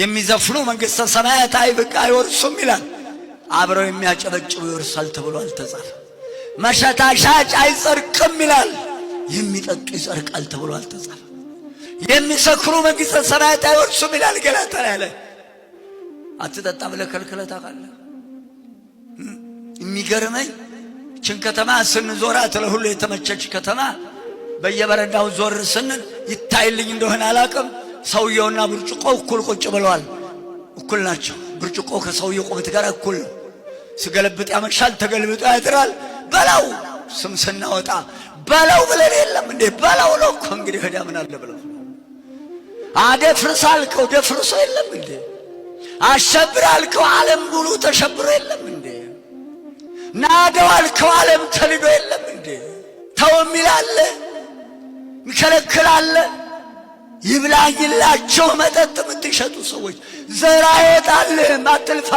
የሚዘፍኑ መንግሥተ ሰማያት አይብቅ አይወርሱም ይላል። አብረው የሚያጨበጭቡ ይወርሳል ተብሎ አልተጻፈ። መሸታሻጭ አይጸርቅም ይላል። የሚጠጡ ይጸርቃል ተብሎ አልተጻፈ። የሚሰክሩ መንግሥተ ሰማያት አይወርሱም ይላል። ገላታ ያለ አትጠጣ ብለህ ከልክለህ ታውቃለህ? የሚገርመኝ ችን ከተማ ስንዞራት ለሁሉ የተመቸች ከተማ በየበረዳው ዞር ስንል ይታይልኝ እንደሆነ አላቅም ሰውየውና ብርጭቆው እኩል ቁጭ ብለዋል። እኩል ናቸው። ብርጭቆው ከሰውየው ቁመት ጋር እኩል ነው። ስገለብጥ ተገልብጦ ያጥራል። በላው ስም ስናወጣ በላው ብለን የለም እንዴ በላው ነው እኮ እንግዲህ ወዲያ ምን አለ ብለው አደፍርስ አልከው ደፍርሶ የለም እንዴ አሸብር አልከው ዓለም ሙሉ ተሸብሮ የለም እንዴ ናደው አልከው ዓለም ተንዶ የለም እንዴ ተው የሚላለ ይብላይላቸው መጠጥ የምትሸጡ ሰዎች ዘር አይወጣልህም፣ አትልፋ።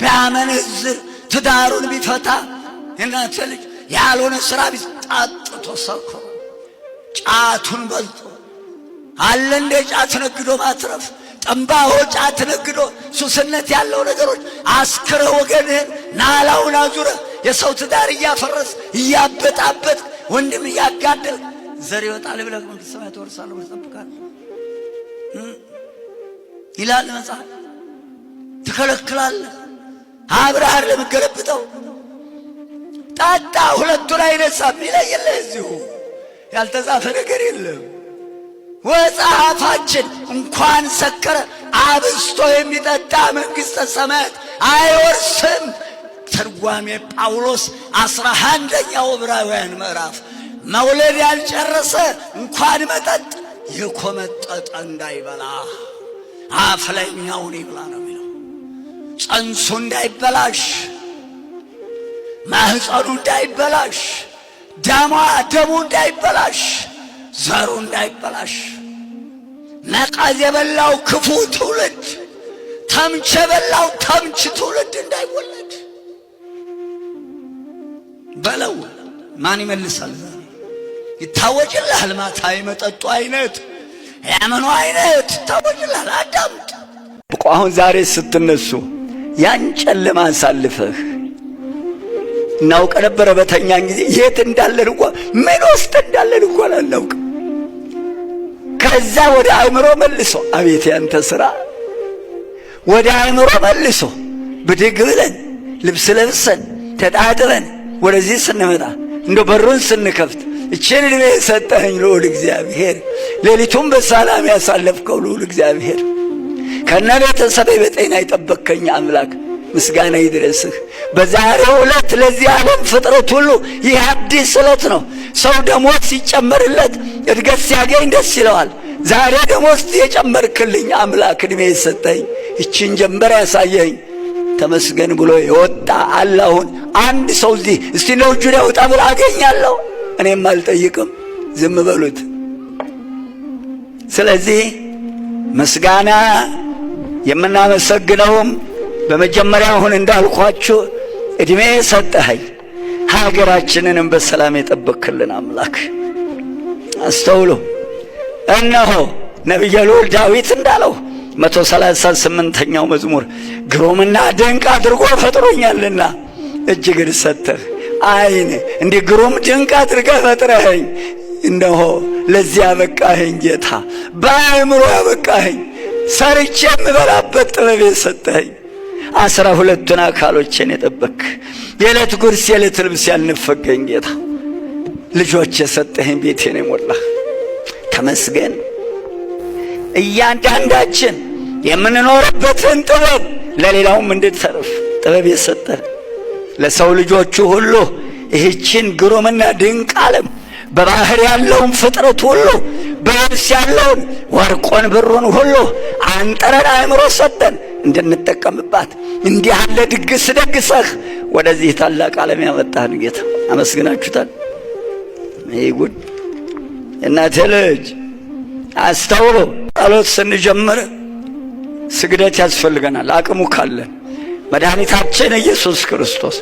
ቢያመነዝር ትዳሩን ቢፈታ እናንተ ልጅ ያልሆነ ስራ ጣጥቶ ሰኮ ጫቱን በልቶ አለ እንደ ጫት ነግዶ ማትረፍ ጠንባሆ ጫት ነግዶ ሱስነት ያለው ነገሮች አስክረ ወገንህን ናላውን አዙረ የሰው ትዳር እያፈረስ እያበጣበት ወንድም እያጋደል ዘር ይወጣል ብለህ መንግሥተ ሰማይ ትወርሳለህ ብለህ ትጠብቃለህ ይላል መጽሐፍ። ትከለክላለህ። አብርሃን ለምገለብጠው ጣጣ ሁለቱ ላይ ይለህ የለ እዚሁ ያልተጻፈ ነገር የለም። ወጻፋችን እንኳን ሰከረ አብስቶ የሚጠጣ መንግሥተ ሰማያት አይወርስም። ተርጓሜ ጳውሎስ አስራ አንደኛው ዕብራውያን ምዕራፍ መውለድ ያልጨረሰ እንኳን መጠጥ የኮመጠጠ እንዳይበላ አፍለኛውን ይብላ ነው የሚለው። ጽንሱ እንዳይበላሽ፣ ማህፀኑ እንዳይበላሽ፣ ደሟ ደሙ እንዳይበላሽ፣ ዘሩ እንዳይበላሽ መቃዝ የበላው ክፉ ትውልድ፣ ተምች የበላው ተምች ትውልድ እንዳይወለድ በለው። ማን ይመልሳል? ይታወጭልሃል። ማታ የመጠጡ አይነት ያመኑ አይነት ይታወጭልሃል። አዳምጥ። አሁን ዛሬ ስትነሱ ያን ጨለማ አሳልፈህ እናውቅ ነበረ። በተኛን ጊዜ የት እንዳለን እንኳ ምን ውስጥ እንዳለን እንኳ አላውቅም። ከዛ ወደ አእምሮ መልሶ አቤት ያንተ ስራ ወደ አእምሮ መልሶ ብድግ ብለን ልብስ ለብሰን ተጣጥበን ወደዚህ ስንመጣ እንደ በሩን ስንከፍት እችን እድሜ የሰጠኝ ልዑል እግዚአብሔር፣ ሌሊቱን በሰላም ያሳለፍከው ልዑል እግዚአብሔር፣ ከነ ቤተሰቤ በጤና የጠበቅከኝ አምላክ ምስጋና ይድረስህ። በዛሬው ዕለት ለዚህ ዓለም ፍጥረት ሁሉ ይህ አዲስ ዕለት ነው። ሰው ደሞዝ ሲጨመርለት እድገት ሲያገኝ ደስ ይለዋል። ዛሬ ደሞዝ የጨመርክልኝ አምላክ፣ እድሜ የሰጠኝ ይችን ጀንበር ያሳየኝ ተመስገን ብሎ የወጣ አለ። አሁን አንድ ሰው እዚህ እስቲ ነው እጁን ያውጣ ብሎ አገኛለሁ። እኔም አልጠይቅም፣ ዝም በሉት። ስለዚህ ምስጋና የምናመሰግነውም በመጀመሪያ አሁን እንዳልኳችሁ እድሜ ሰጠኸኝ፣ ሀገራችንንም በሰላም የጠበክልን አምላክ አስተውሉ። እነሆ ነቢየ ልዑል ዳዊት እንዳለው መቶ ሰላሳ ስምንተኛው መዝሙር ግሩምና ድንቅ አድርጎ ፈጥሮኛልና እጅግን ሰጠህ። አይን እንዲህ ግሩም ድንቅ አድርገህ ፈጥረኸኝ እነሆ ለዚህ ያበቃኸኝ ጌታ፣ በአእምሮ ያበቃኸኝ፣ ሰርቼ የምበላበት ጥበብ የሰጠኸኝ፣ አስራ ሁለቱን አካሎቼን የጠበክ የዕለት ጉርስ የዕለት ልብስ ያልንፈገኝ ጌታ፣ ልጆች የሰጠኸኝ፣ ቤቴን የሞላህ ተመስገን። እያንዳንዳችን የምንኖርበትን ጥበብ ለሌላውም እንድትተርፍ ጥበብ የሰጠህ ለሰው ልጆቹ ሁሉ ይህችን ግሩምና ድንቅ ዓለም በባህር ያለውን ፍጥረት ሁሉ በየብስ ያለውን ወርቆን ብሩን ሁሉ አንጠረን አእምሮ ሰጠን እንድንጠቀምባት። እንዲህ ያለ ድግስ ደግሰህ ወደዚህ ታላቅ ዓለም ያመጣህን ጌታ አመስግናችሁታል። ይህ ጉድ እናቴ ልጅ አስተውሎ ጸሎት ስንጀምር ስግደት ያስፈልገናል አቅሙ ካለን መድኃኒታችን ኢየሱስ ክርስቶስ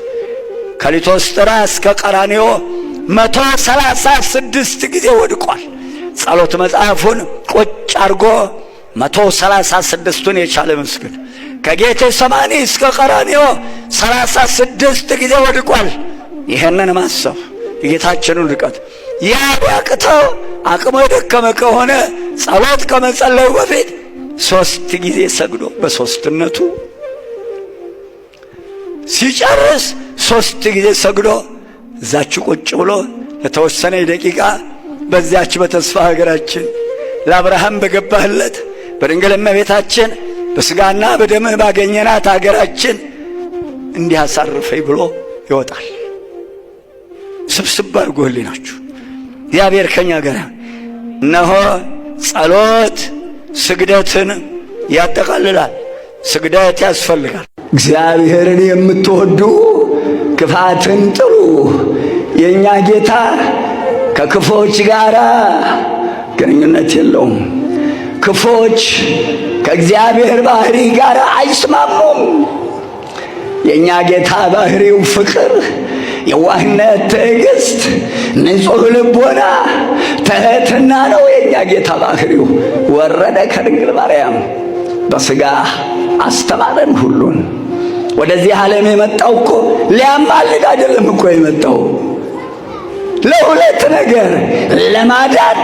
ከሊቶስጥራ እስከ ቀራንዮ መቶ ሰላሳ ስድስት ጊዜ ወድቋል። ጸሎት መጽሐፉን ቁጭ አድርጎ መቶ ሰላሳ ስድስቱን የቻለ ምስግን ከጌቴ ሰማኒ እስከ ቀራንዮ ሰላሳ ስድስት ጊዜ ወድቋል። ይህንን ማሰብ የጌታችንን ውድቀት ያዳቅተው አቅሞ የደከመ ከሆነ ጸሎት ከመጸለዩ በፊት ሦስት ጊዜ ሰግዶ በሦስትነቱ ሲጨርስ ሶስት ጊዜ ሰግዶ እዛች ቁጭ ብሎ ለተወሰነ ደቂቃ በዚያች በተስፋ ሀገራችን ለአብርሃም በገባህለት በድንግል እመቤታችን በሥጋና በደምህ ባገኘናት አገራችን እንዲህ አሳርፈኝ ብሎ ይወጣል። ስብስብ አድርጎ ናችሁ እግዚአብሔር ከኛ ጋር እነሆ ጸሎት ስግደትን ያጠቃልላል። ስግደት ያስፈልጋል። እግዚአብሔርን የምትወዱ ክፋትን ጥሉ። የእኛ ጌታ ከክፎች ጋር ግንኙነት የለውም። ክፎች ከእግዚአብሔር ባህሪ ጋር አይስማሙም። የእኛ ጌታ ባህሪው ፍቅር፣ የዋህነት፣ ትዕግስት፣ ንጹሕ ልቦና፣ ትህትና ነው። የእኛ ጌታ ባህሪው ወረደ ከድንግል ማርያም በሥጋ አስተማረን ሁሉን ወደዚህ ዓለም የመጣው እኮ ሊያማልድ አይደለም እኮ የመጣው ለሁለት ነገር ለማዳን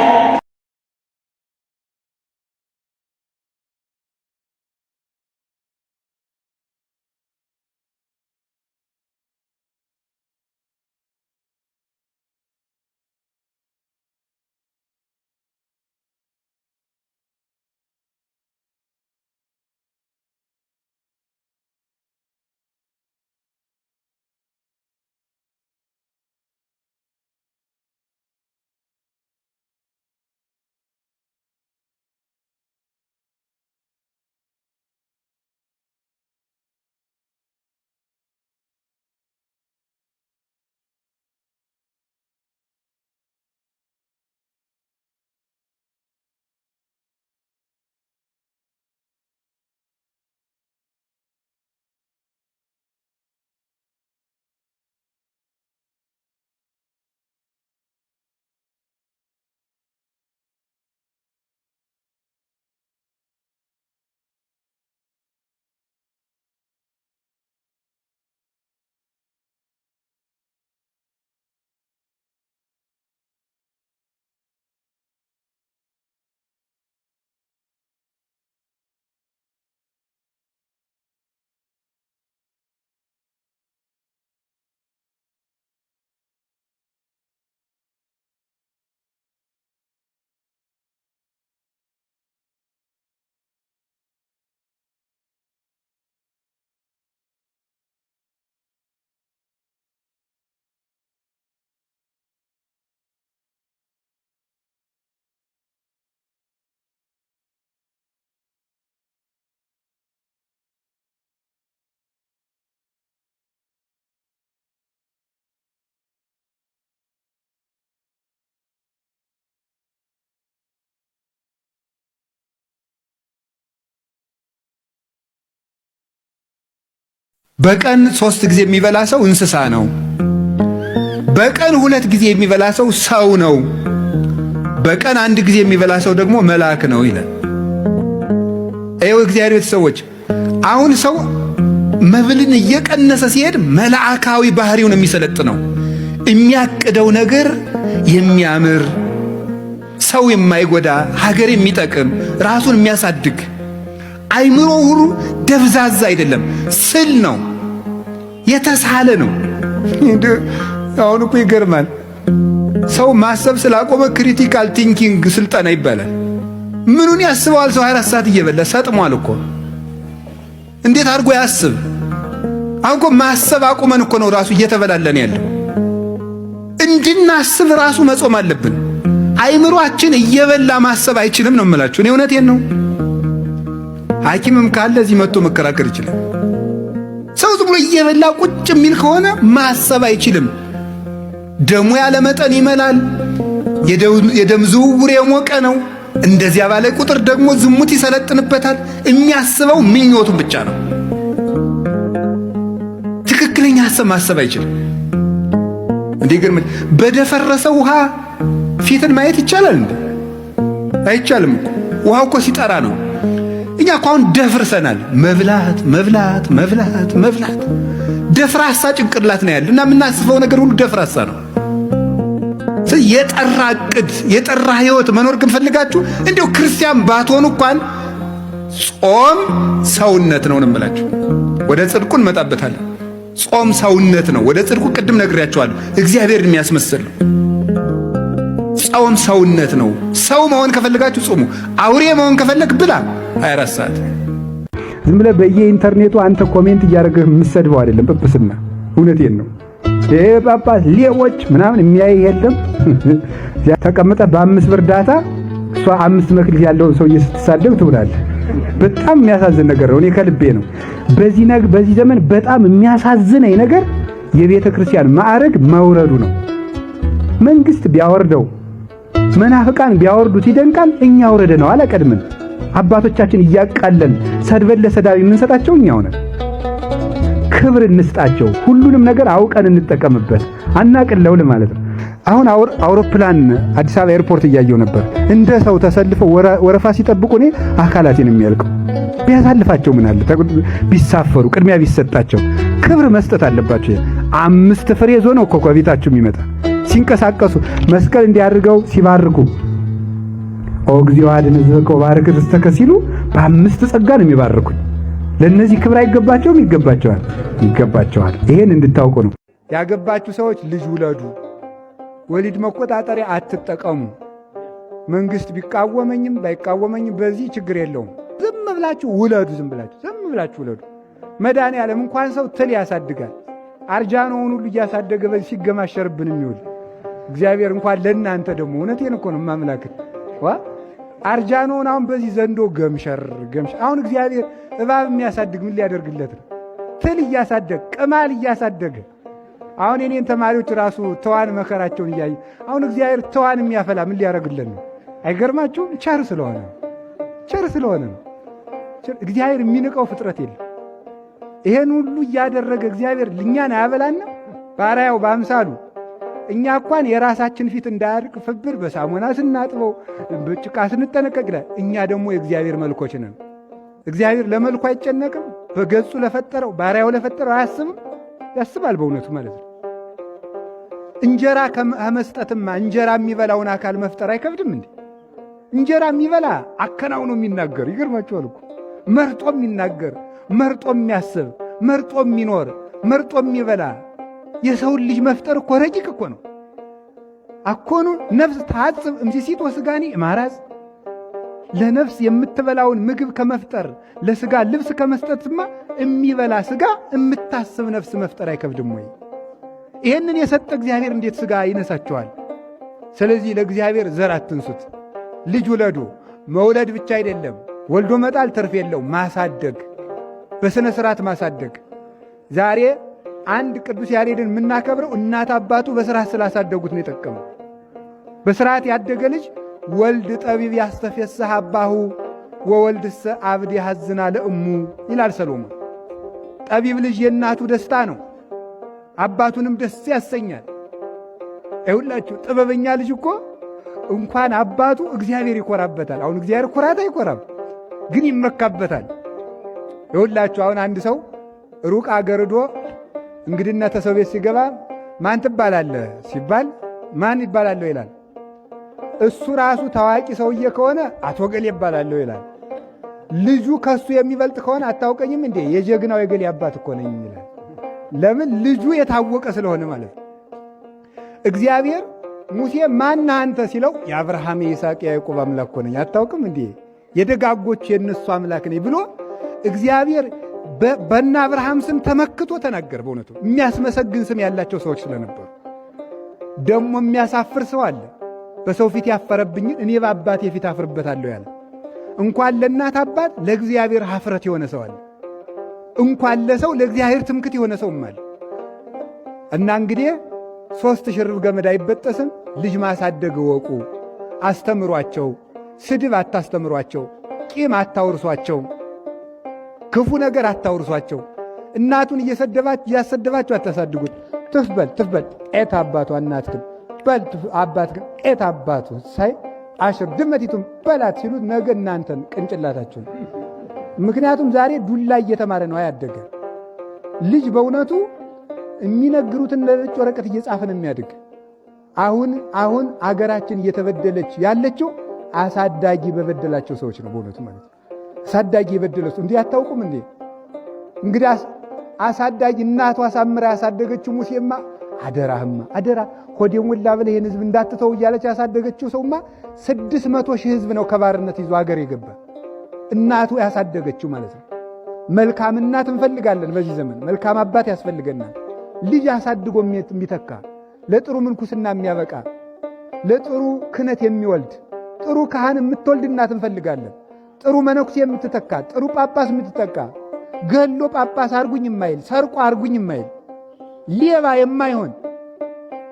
በቀን ሶስት ጊዜ የሚበላ ሰው እንስሳ ነው። በቀን ሁለት ጊዜ የሚበላ ሰው ሰው ነው። በቀን አንድ ጊዜ የሚበላ ሰው ደግሞ መልአክ ነው ይላል። ይኸው እግዚአብሔር ቤተሰቦች፣ አሁን ሰው መብልን እየቀነሰ ሲሄድ መልአካዊ ባህሪውን የሚሰለጥ ነው። የሚያቅደው ነገር የሚያምር ሰው የማይጎዳ ሀገር የሚጠቅም ራሱን የሚያሳድግ አይምሮ ሁሉ ደብዛዛ አይደለም፣ ስል ነው። የተሳለ ነው። አሁን እኮ ይገርማል። ሰው ማሰብ ስላቆመ ክሪቲካል ቲንኪንግ ስልጠና ይባላል። ምኑን ያስበዋል ሰው 24 ሰዓት እየበላ ሰጥሟል እኮ እንዴት አድርጎ ያስብ? አሁን እኮ ማሰብ አቁመን እኮ ነው ራሱ እየተበላለን ያለው። እንድናስብ ራሱ መጾም አለብን። አይምሯችን እየበላ ማሰብ አይችልም ነው የምላችሁ። እኔ እውነቴን ነው። ሐኪምም ካለ እዚህ መጥቶ መከራከር ይችላል። እየበላ ቁጭ የሚል ከሆነ ማሰብ አይችልም። ደሙ ያለ መጠን ይመላል። የደም ዝውውር የሞቀ ነው። እንደዚያ ባለ ቁጥር ደግሞ ዝሙት ይሰለጥንበታል። የሚያስበው ምኞቱን ብቻ ነው። ትክክለኛ ሀሳብ ማሰብ አይችልም። እንዴ ግርም በደፈረሰ ውሃ ፊትን ማየት ይቻላል እንዴ? አይቻልም። ውሃው እኮ ሲጠራ ነው። እኛ እኮ አሁን ደፍርሰናል። መብላት መብላት መብላት መብላት ደፍራሳ ጭንቅላት ነው ያለ እና የምናስበው ነገር ሁሉ ደፍራሳ ነው። የጠራ እቅድ የጠራ ህይወት መኖር ግን ፈልጋችሁ እንዲሁ ክርስቲያን ባትሆኑ እንኳን ጾም ሰውነት ነው እንምላችሁ ወደ ጽድቁ እንመጣበታለን። ጾም ሰውነት ነው። ወደ ጽድቁ ቅድም ነግሬያችኋለሁ። እግዚአብሔርን የሚያስመስል ነው። ጾም ሰውነት ነው። ሰው መሆን ከፈለጋችሁ ጾሙ። አውሬ መሆን ከፈለግ ብላ 24 ሰዓት ዝም ብለህ በየኢንተርኔቱ አንተ ኮሜንት እያደረግህ የምትሰድበው አይደለም ጵጵስና። እውነቴን ነው። ይሄ ጳጳስ ሌቦች ምናምን የሚያይ የለም። ተቀምጠህ በአምስት ብር ዳታ እሷ አምስት መክሊት ያለውን ሰውዬ ስትሳደብ ትውላለህ። በጣም የሚያሳዝን ነገር ነው። እኔ ከልቤ ነው። በዚህ ነገር በዚህ ዘመን በጣም የሚያሳዝነኝ ነገር የቤተ ክርስቲያን ማዕረግ መውረዱ ነው። መንግስት ቢያወርደው መናፍቃን ቢያወርዱት ይደንቃል፣ እኛ ነው አቀድመን። አባቶቻችን እያቃለን ሰድበን ለሰዳቢ የምንሰጣቸው እኛው ነን። ክብር እንስጣቸው። ሁሉንም ነገር አውቀን እንጠቀምበት፣ አናቅለው ማለት ነው። አሁን አውሮፕላን አዲስ አበባ ኤርፖርት እያየው ነበር። እንደ ሰው ተሰልፈው ወረፋ ሲጠብቁ እኔ አካላቴን የሚያልቀው ቢያሳልፋቸው ምን አለ? ቢሳፈሩ፣ ቅድሚያ ቢሰጣቸው፣ ክብር መስጠት አለባቸው። አምስት ፍሬ ዞ ነው እኮ ከቤታችሁ የሚመጣ ሲንቀሳቀሱ መስቀል እንዲያድርገው ሲባርኩ ኦ እግዚኦ አድን ህዝበከ ወባርክ ርስተከ ሲሉ በአምስት ጸጋ ነው የሚባርኩኝ። ለእነዚህ ክብር አይገባቸውም? ይገባቸዋል፣ ይገባቸዋል። ይሄን እንድታውቁ ነው። ያገባችሁ ሰዎች ልጅ ውለዱ፣ ወሊድ መቆጣጠሪያ አትጠቀሙ። መንግስት ቢቃወመኝም ባይቃወመኝም በዚህ ችግር የለውም። ዝም ብላችሁ ውለዱ፣ ዝም ብላችሁ ዝም ብላችሁ ውለዱ። መድኃኔ ዓለም እንኳን ሰው ትል ያሳድጋል፣ አርጃኖውን ሁሉ እያሳደገ በዚህ ሲገማሸርብን የሚውል እግዚአብሔር እንኳን ለእናንተ ደግሞ እውነቴን እኮ ነው ማምላክን ዋ አርጃኖን አሁን በዚህ ዘንዶ ገምሸር ገምሸር አሁን እግዚአብሔር እባብ የሚያሳድግ ምን ሊያደርግለት ነው? ትል እያሳደገ ቅማል እያሳደገ አሁን የኔን ተማሪዎች ራሱ ተዋን መከራቸውን እያየ አሁን እግዚአብሔር ተዋን የሚያፈላ ምን ሊያደርግለት ነው? አይገርማችሁም? ቸር ስለሆነ ቸር ስለሆነ ነው። እግዚአብሔር የሚንቀው ፍጥረት የለም። ይሄን ሁሉ እያደረገ እግዚአብሔር ልኛን አያበላና ባሪያው በአምሳሉ እኛ እንኳን የራሳችን ፊት እንዳያድቅ ፍብር በሳሙና ስናጥበው በጭቃ ስንጠነቀቅ እኛ ደግሞ የእግዚአብሔር መልኮች ነን። እግዚአብሔር ለመልኩ አይጨነቅም። በገጹ ለፈጠረው ባሪያው ለፈጠረው አያስብም። ያስባል በእውነቱ ማለት ነው። እንጀራ ከመስጠትማ እንጀራ የሚበላውን አካል መፍጠር አይከብድም እንዴ? እንጀራ የሚበላ አከናውኖ የሚናገር ይገርማችኋል እኮ መርጦ የሚናገር መርጦ የሚያስብ መርጦ የሚኖር መርጦ የሚበላ የሰውን ልጅ መፍጠር እኮ ረቂቅ እኮ ነው። አኮኑ ነፍስ ታጽብ እምሲሲት ወስጋኒ ማራዝ ለነፍስ የምትበላውን ምግብ ከመፍጠር ለስጋ ልብስ ከመስጠትማ የሚበላ ስጋ የምታስብ ነፍስ መፍጠር አይከብድም ወይ? ይህንን የሰጠ እግዚአብሔር እንዴት ስጋ ይነሳቸዋል? ስለዚህ ለእግዚአብሔር ዘር አትንሱት። ልጅ ውለዱ። መውለድ ብቻ አይደለም፣ ወልዶ መጣል ትርፍ የለው። ማሳደግ፣ በሥነ ሥርዓት ማሳደግ ዛሬ አንድ ቅዱስ ያሬድን የምናከብረው እናት አባቱ በስርዓት ስላሳደጉት ነው የጠቀመው። በስርዓት ያደገ ልጅ ወልድ ጠቢብ ያስተፌሰህ አባሁ ወወልድሰ አብድ ያሐዝና ለእሙ ይላል ሰሎሞን። ጠቢብ ልጅ የእናቱ ደስታ ነው፣ አባቱንም ደስ ያሰኛል። ይሁላችሁ ጥበበኛ ልጅ እኮ እንኳን አባቱ እግዚአብሔር ይኮራበታል። አሁን እግዚአብሔር ኩራት አይኮራም፣ ግን ይመካበታል። ይሁላችሁ አሁን አንድ ሰው ሩቅ አገርዶ እንግዲና ተሰው ቤት ሲገባ ማን ትባላለህ ሲባል ማን ይባላለሁ ይላል። እሱ ራሱ ታዋቂ ሰውዬ ከሆነ አቶ ገሌ ይባላለሁ ይላል። ልጁ ከሱ የሚበልጥ ከሆነ አታውቀኝም እንዴ የጀግናው የገሌ አባት እኮ ነኝ ይላል። ለምን ልጁ የታወቀ ስለሆነ ማለት ነው። እግዚአብሔር ሙሴ ማን አንተ ሲለው የአብርሃም የይስሐቅ የያዕቆብ አምላክ እኮ ነኝ አታውቅም እንዴ የደጋጎች የእነሱ አምላክ ነኝ ብሎ እግዚአብሔር በእነ አብርሃም ስም ተመክቶ ተናገር። በእውነቱ የሚያስመሰግን ስም ያላቸው ሰዎች ስለነበሩ ደግሞ የሚያሳፍር ሰው አለ። በሰው ፊት ያፈረብኝን እኔ በአባቴ ፊት አፍርበታለሁ ያለ እንኳን ለእናት አባት ለእግዚአብሔር ሀፍረት የሆነ ሰው አለ። እንኳን ለሰው ለእግዚአብሔር ትምክት የሆነ ሰውም አለ። እና እንግዲህ ሦስት ሽርብ ገመድ አይበጠስም። ልጅ ማሳደግ እወቁ፣ አስተምሯቸው። ስድብ አታስተምሯቸው፣ ቂም አታውርሷቸው። ክፉ ነገር አታውርሷቸው። እናቱን እያሰደባችሁ አታሳድጉት። ትፍበል ትፍበል ኤት አባቱ እናትክም በል አባትክም ኤት አባቱ ሳይ አሽር ድመቲቱም በላት ሲሉት ነገ እናንተን ቅንጭላታችሁን። ምክንያቱም ዛሬ ዱላ እየተማረ ነው አያደገ ልጅ በእውነቱ የሚነግሩትን ለነጭ ወረቀት እየጻፈን የሚያድግ። አሁን አሁን አገራችን እየተበደለች ያለችው አሳዳጊ በበደላቸው ሰዎች ነው በእውነቱ ማለት ነው። አሳዳጊ የበደለሱ እንዲህ አታውቁም እንዴ? እንግዲህ አሳዳጊ እናቱ አሳምራ ያሳደገችው ሙሴማ አደራህማ አደራ ሆዴ ሞላ ብለህ ይህን ህዝብ እንዳትተው እያለች ያሳደገችው ሰውማ ስድስት መቶ ሺህ ህዝብ ነው ከባርነት ይዞ ሀገር የገባ እናቱ ያሳደገችው ማለት ነው። መልካም እናት እንፈልጋለን። በዚህ ዘመን መልካም አባት ያስፈልገናል። ልጅ አሳድጎ የሚተካ ለጥሩ ምንኩስና የሚያበቃ ለጥሩ ክህነት የሚወልድ ጥሩ ካህን የምትወልድ እናት እንፈልጋለን። ጥሩ መነኩሴ የምትተካ ጥሩ ጳጳስ የምትተካ ገሎ ጳጳስ አርጉኝ የማይል ሰርቆ አርጉኝ የማይል ሌባ የማይሆን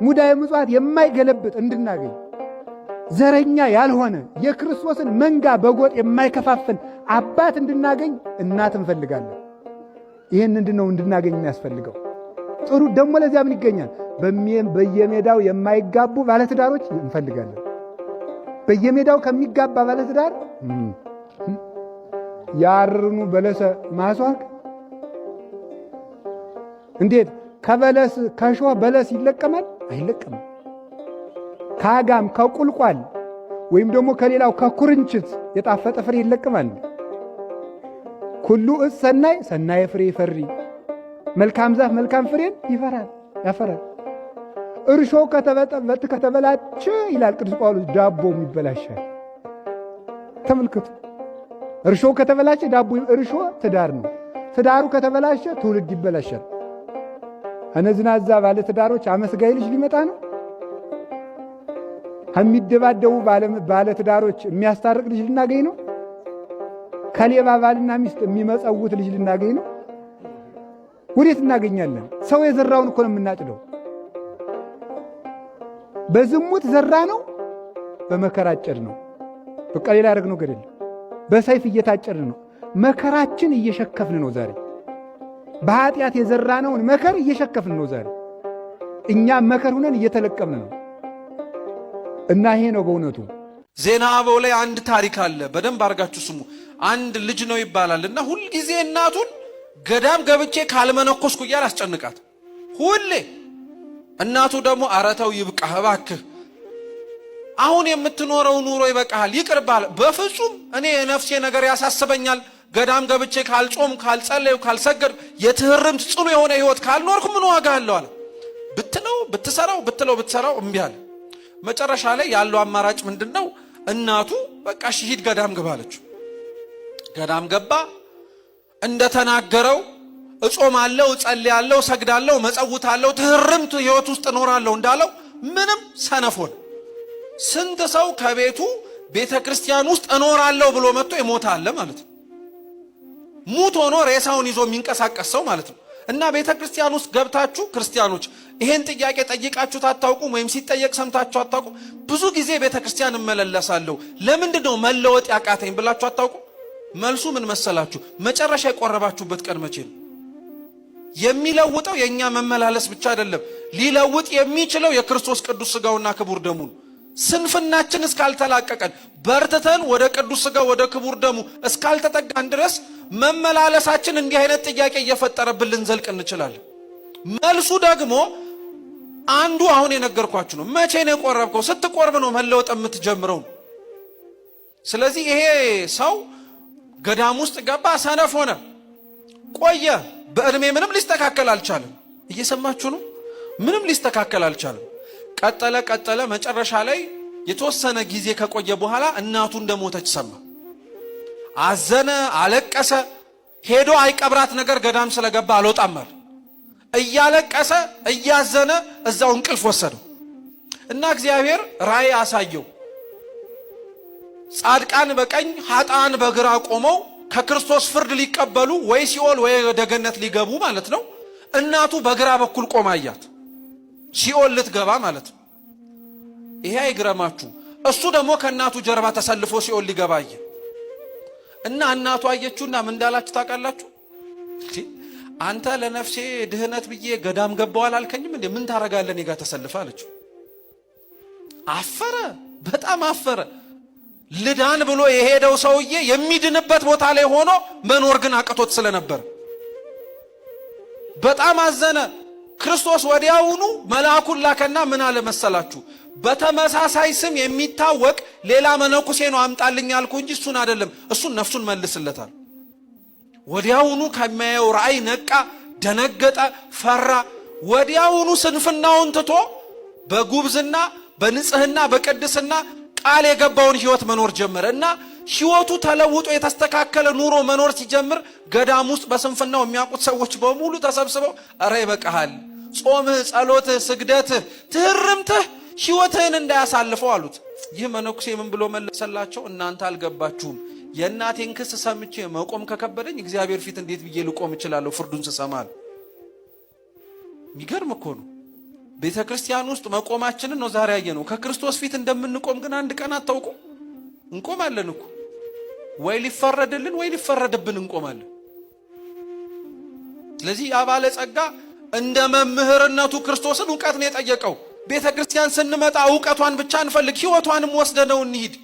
ሙዳየ ምጽዋት የማይገለብጥ እንድናገኝ ዘረኛ ያልሆነ የክርስቶስን መንጋ በጎጥ የማይከፋፍል አባት እንድናገኝ እናት እንፈልጋለን። ይህን እንድነው እንድናገኝ የሚያስፈልገው ጥሩ ደግሞ ለዚያ ምን ይገኛል? በየሜዳው የማይጋቡ ባለትዳሮች እንፈልጋለን። በየሜዳው ከሚጋባ ባለትዳር ያርኑ በለሰ ማስዋክ እንዴት ከበለስ ከሾህ በለስ ይለቀማል? አይለቀምም። ከአጋም ከቁልቋል ወይም ደግሞ ከሌላው ከኩርንችት የጣፈጠ ፍሬ ይለቀማል? ኩሉ እጽ ሰናይ ሰናይ ፍሬ ይፈሪ፣ መልካም ዛፍ መልካም ፍሬን ይፈራል ያፈራል። እርሾ ከተበጠበት ከተበላቸ ይላል ቅዱስ ጳውሎስ ዳቦም ይበላሻል። ተመልከቱ። እርሾ ከተበላሸ ዳቦ እርሾ ትዳር ነው። ትዳሩ ከተበላሸ ትውልድ ይበላሻል። እነዝናዛ ባለ ትዳሮች አመስጋይ ልጅ ሊመጣ ነው። ከሚደባደቡ ባለ ትዳሮች የሚያስታርቅ ልጅ ልናገኝ ነው። ከሌባ ባልና ሚስት የሚመጸውት ልጅ ልናገኝ ነው። ወዴት እናገኛለን? ሰው የዘራውን እኮ ነው የምናጭደው። በዝሙት ዘራ ነው፣ በመከራ አጨድ ነው። በቃ ሌላ ያደረግነው ገደል በሰይፍ እየታጨርን ነው። መከራችን እየሸከፍን ነው ዛሬ። በኃጢአት የዘራነውን መከር እየሸከፍን ነው ዛሬ። እኛም መከር ሁነን እየተለቀምን ነው እና ይሄ ነው በእውነቱ። ዜና አበው ላይ አንድ ታሪክ አለ፣ በደንብ አድርጋችሁ ስሙ። አንድ ልጅ ነው ይባላል እና ሁልጊዜ እናቱን ገዳም ገብቼ ካልመነኮስኩ እያል አስጨንቃት ሁሌ። እናቱ ደግሞ አረተው ይብቃህ እባክህ አሁን የምትኖረው ኑሮ ይበቃሃል፣ ይቅርባል። በፍጹም እኔ የነፍሴ ነገር ያሳስበኛል። ገዳም ገብቼ ካልጾም፣ ካልጸለዩ፣ ካልሰገድ የትህርምት ጽኑ የሆነ ህይወት ካልኖርኩ ምን ዋጋ አለው አለ። ብትለው ብትሰራው ብትለው ብትሰራው እምቢ አለ። መጨረሻ ላይ ያለው አማራጭ ምንድን ነው? እናቱ በቃ እሺ ሂድ ገዳም ግባ አለችው። ገዳም ገባ። እንደተናገረው እጾማለሁ፣ እጸልያለሁ፣ ሰግዳለሁ፣ መጸውታለሁ፣ ትህርምት ህይወት ውስጥ እኖራለሁ እንዳለው ምንም ሰነፎን ስንት ሰው ከቤቱ ቤተ ክርስቲያን ውስጥ እኖራለሁ ብሎ መጥቶ የሞተ አለ ማለት ነው። ሙት ሆኖ ሬሳውን ይዞ የሚንቀሳቀስ ሰው ማለት ነው። እና ቤተ ክርስቲያን ውስጥ ገብታችሁ ክርስቲያኖች ይሄን ጥያቄ ጠይቃችሁት አታውቁም፣ ወይም ሲጠየቅ ሰምታችሁ አታውቁም። ብዙ ጊዜ ቤተ ክርስቲያን እመለለሳለሁ ለምንድን ነው መለወጥ ያቃተኝ ብላችሁ አታውቁም። መልሱ ምን መሰላችሁ? መጨረሻ የቆረባችሁበት ቀን መቼ ነው? የሚለውጠው የእኛ መመላለስ ብቻ አይደለም፣ ሊለውጥ የሚችለው የክርስቶስ ቅዱስ ስጋውና ክቡር ደሙ ነው። ስንፍናችን እስካልተላቀቀን በርትተን ወደ ቅዱስ ስጋ ወደ ክቡር ደሙ እስካልተጠጋን ድረስ መመላለሳችን እንዲህ አይነት ጥያቄ እየፈጠረብን ልንዘልቅ እንችላለን። መልሱ ደግሞ አንዱ አሁን የነገርኳችሁ ነው። መቼ ነው የቆረብከው? ስትቆርብ ነው መለወጥ የምትጀምረው። ስለዚህ ይሄ ሰው ገዳም ውስጥ ገባ፣ ሰነፍ ሆነ፣ ቆየ። በዕድሜ ምንም ሊስተካከል አልቻለም። እየሰማችሁ ነው። ምንም ሊስተካከል አልቻለም። ቀጠለ ቀጠለ። መጨረሻ ላይ የተወሰነ ጊዜ ከቆየ በኋላ እናቱ እንደሞተች ሰማ። አዘነ፣ አለቀሰ። ሄዶ አይቀብራት ነገር ገዳም ስለገባ አልወጣም እያለቀሰ እያዘነ እዛው እንቅልፍ ወሰደው እና እግዚአብሔር ራእይ አሳየው። ጻድቃን በቀኝ ሀጣን በግራ ቆመው ከክርስቶስ ፍርድ ሊቀበሉ ወይ ሲኦል ወይ ወደ ገነት ሊገቡ ማለት ነው። እናቱ በግራ በኩል ቆማ አያት። ሲኦል ልትገባ ማለት ነው። ይሄ አይግረማችሁ። እሱ ደግሞ ከእናቱ ጀርባ ተሰልፎ ሲኦል ሊገባ አየ እና እናቱ አየችሁና ምን እንዳላችሁ ታውቃላችሁ? አንተ ለነፍሴ ድህነት ብዬ ገዳም ገባው አላልከኝም እንዴ? ምን ታረጋለህ እኔ ጋር ተሰልፈ አለችው። አፈረ፣ በጣም አፈረ። ልዳን ብሎ የሄደው ሰውዬ የሚድንበት ቦታ ላይ ሆኖ መኖር ግን አቅቶት ስለነበር በጣም አዘነ። ክርስቶስ ወዲያውኑ መልአኩን ላከና ምን አለ መሰላችሁ? በተመሳሳይ ስም የሚታወቅ ሌላ መነኩሴ ነው አምጣልኝ እንጂ እሱን አይደለም፣ እሱን ነፍሱን መልስለታል። ወዲያውኑ ከሚያየው ራእይ ነቃ፣ ደነገጠ፣ ፈራ። ወዲያውኑ ስንፍናውን ትቶ በጉብዝና በንጽህና በቅድስና ቃል የገባውን ህይወት መኖር ጀመረ እና ህይወቱ ተለውጦ የተስተካከለ ኑሮ መኖር ሲጀምር ገዳም ውስጥ በስንፍናው የሚያውቁት ሰዎች በሙሉ ተሰብስበው እረ ይበቃሃል፣ ጾምህ፣ ጸሎትህ፣ ስግደትህ፣ ትህርምትህ ህይወትህን እንዳያሳልፈው አሉት። ይህ መነኩሴ ምን ብሎ መለሰላቸው? እናንተ አልገባችሁም። የእናቴን ክስ ሰምቼ መቆም ከከበደኝ እግዚአብሔር ፊት እንዴት ብዬ ልቆም እችላለሁ? ፍርዱን ስሰማ የሚገርም እኮ ነው። ቤተ ክርስቲያን ውስጥ መቆማችንን ነው ዛሬ ያየነው። ከክርስቶስ ፊት እንደምንቆም ግን አንድ ቀን አታውቁ። እንቆማለን እኮ ወይ ሊፈረድልን ወይ ሊፈረድብን እንቆማለን። ስለዚህ ያ ጸጋ እንደ መምህርነቱ ክርስቶስን እውቀት ነው የጠየቀው። ቤተ ክርስቲያን ስንመጣ እውቀቷን ብቻ እንፈልግ፣ ሕይወቷንም ወስደነው እንሂድ።